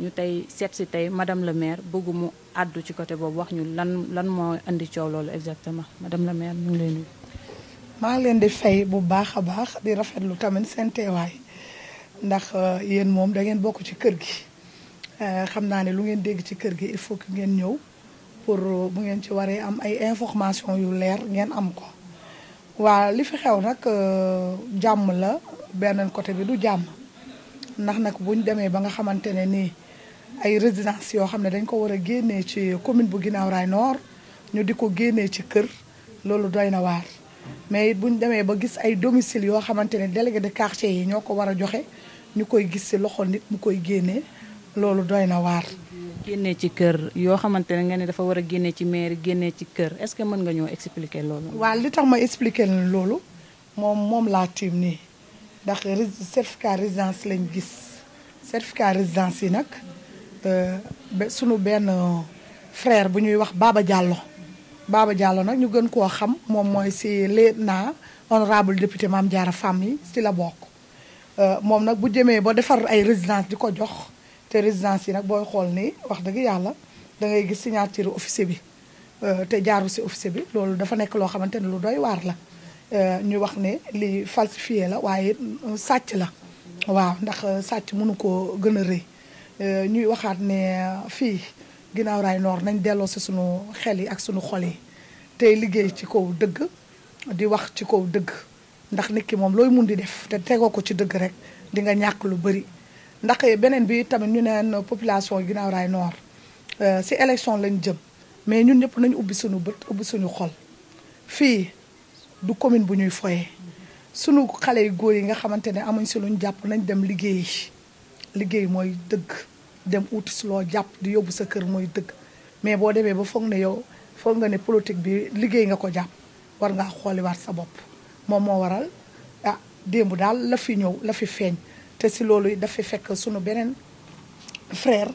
ñu tay seet Madam Lemer, madame le maire bëggu mu addu ci côté bobu wax ñu lan lan moo indi coow lolu exactement madame le maire ñu leen ma leen di fay bu baaxa baax di rafetlu tamen sen teewaay ndax euh, yeen mom, da ngeen bokku ci kër gi euh xamna ne lu ngeen dégg ci kër gi il faut que ngeen ñëw pour euh, bu ngeen ci waré am ay information yu leer ngeen am ko wa li fi xew nag euh, jàmm la benen côté bi du jàmm ndax nak buñ démé ba nga ni ay résidence yoo xam ne dañ ko war a génnee ci commune bu ginnaaw raay nord ñu di ko génnee ci kër loolu doy na waar mais it bu ñu demee ba gis ay domicile yoo xamante ne délégué de quartier yi ñoo ko war a joxe ñu koy gis ci loxo nit mu koy génnee loolu doy na waar. génnee ci kër yoo xamante ne nga ne dafa war a génnee ci mairie génnee ci kër est-ce que mën nga ñoo expliquer loolu. waaw li tax ma expliquer leen loolu moom moom laa tiim nii ndax certificat résidence lañ gis certificat résidence yi nag. suñu benn frère bu ñuy wax baaba jàllo baaba Diallo nag ñu gën koo xam moom mooy si lee naa honorable député Mame jaara Fam yi si la bokk euh, moom nag bu jëmee ba defar ay résidence di ko jox te résidence yi nag booy xool ni wax dëgg yàlla da ngay gis signature officier bi euh, te jaaru si officier bi loolu dafa nekk loo xamante ni lu doy waar la euh, ñu wax ne li falsifié la waaye sàcc la waaw ndax sàcc mënu koo gën a rëy Euh, ñuy waxaat ne fii ginnaaw noor nañ delloo si suñu xel yi ak suñu xol yi tey liggéey ci kaw dëgg di wax ci kaw dëgg ndax nit ki moom looy mun di def te tegoo ko ci dëgg rek di nga ñàkk lu bëri ndax beneen bi tamit ñu neen population ginnaaw raay noor euh, si élection lañ jëm mais ñun ñëpp nañ ubbi suñu bët ubbi suñu xol fii du commune bu ñuy foyee sunu xale yu góor yi nga xamante ne amuñ si luñ jàpp nañ dem liggéeyi liggéey mooy dëgg dem uti si loo jàpp di yóbbu sa kër mooy dëgg mais boo demee ba foog ne yow foog nga ne politique bi liggéey nga ko jàpp war ngaa xooliwaat sa bopp moom moo waral ah démb daal la fi ñëw la fi feeñ te si loolu dafay fekk sunu beneen frère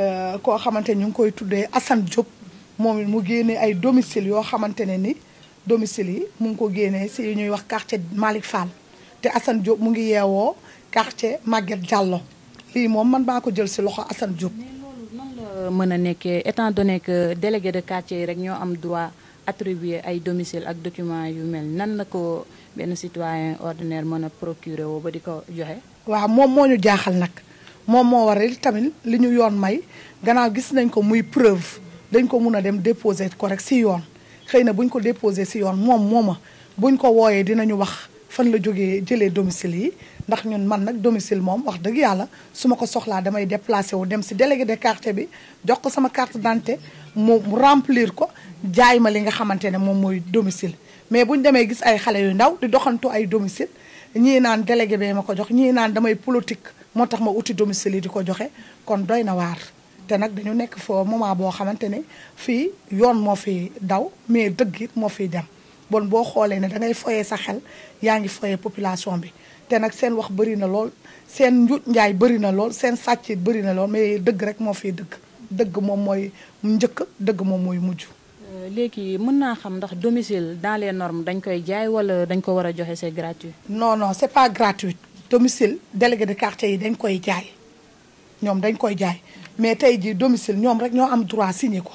euh, koo xamante ñu ngi koy tuddee Assane Diop moom mu génnee ay domicile yoo xamante ne ni domicile yi mu ngi ko génnee si ñuy wax quartier Malick Fall te Assane Diop mu ngi yeewoo quartier Maguette Diallo fii moom man baa ko jël si loxo Assane Diop. mais mën a nekkee étant donné que délégué de quartier yi rek ñoo am droit attribuer ay domicile ak document yu mel nan na ko benn citoyen ordinaire mën a procurer woo ba di ko joxe. waaw moom moo ñu jaaxal nag moom moo waral tamit li ñu yoon may gannaaw gis nañ ko muy preuve dañ ko mun a dem déposer ko rek si yoon xëy na buñ ko déposer si yoon moom mooma buñ ko wooyee dinañu wax. fan la jógee jëlee domicile yi ndax ñun man nag domicile moom wax dëgg yàlla su ma ko soxlaa damay déplacé wu dem si délégué de quartier bi jox ko sama carte d'identité mu remplir ko jaay ma li nga xamante ne moom mooy domicile. mais bu ñu demee gis ay xale yu ndaw di doxantu ay domicile ñii naan délégué bee ma ko jox ñii naan damay politique moo tax ma uti domicile yi di ko joxe kon doy na waar. te nag dañu nekk foo moment boo xamante ne fii yoon moo fi daw mais dëgg moo fiy dem. bon boo xoolee ne dangay ngay foyee sa xel yaa ngi foyee population bi te nag seen wax bëri na lool seen njuuj njaay bëri na lool seen sàcc bëri na lool mais dëgg rek moo fiy dëgg dëgg moom mooy njëkk dëgg moom mooy mujj. Euh, léegi mën naa xam ndax domicile dans les normes dañ koy jaay wala dañ ko war a joxe c'est gratuit. non non c'est pas gratuit domicile délégué de quartier yi dañ koy jaay ñoom dañ koy jaay mais tey jii domicile ñoom rek ñoo am droit signé ko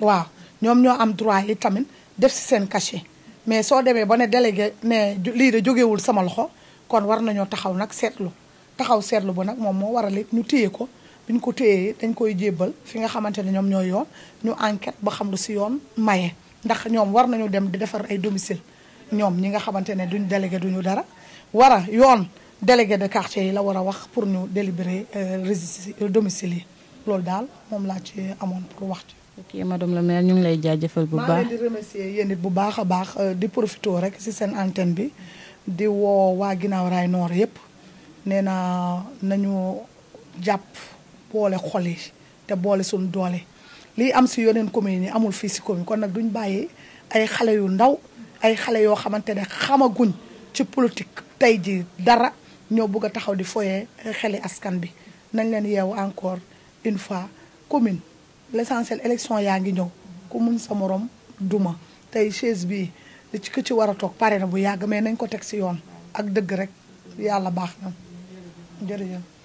waaw ñoom ñoo am droit yi tamit def ci seen cachet. mais soo demee ba ne délégué ne lii de jógewul sama loxo kon war nañoo taxaw nag seetlu taxaw seetlu bu nag moom moo war a it ñu téye ko bi ñu ko téyee dañ koy jébbal fi nga xamante ne ñoom ñooy yoon ñu enquête ba xam lu si yoon maye ndax ñoom war nañu dem di defar ay domicile ñoom ñi nga xamante ne duñ délégué duñu dara war a yoon délégué de quartier yi la war a wax pour ñu délibérer euh, domicile yi loolu daal moom laa ci amoon pour wax ci ok madame la maire ñu ngi lay jaajëfal bu baax maa di remercier yéen it bu baax a baax euh, di profité rek si seen antenne bi di woo waa ginnaaw raay noor yëpp nee na nañu jàpp boole xol yi te boole suñ doole lii am si yooneen communes yi amul fii si commune kon nag duñ bàyyi ay xale yu ndaw ay xale yoo xamante ne xamaguñ ci politique tey ji dara ñoo bugg a taxaw di foyee xeli askan bi nañ leen yeewu encore une fois commune l'essentiel élection yaa ngi ñëw ku mun sa morom duma tey chaise bi ki ci war a toog pare na bu yàgg mais nañ ko teg si yoon ak dëgg rek yàlla baax na jërëjëf